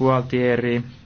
Gualtieri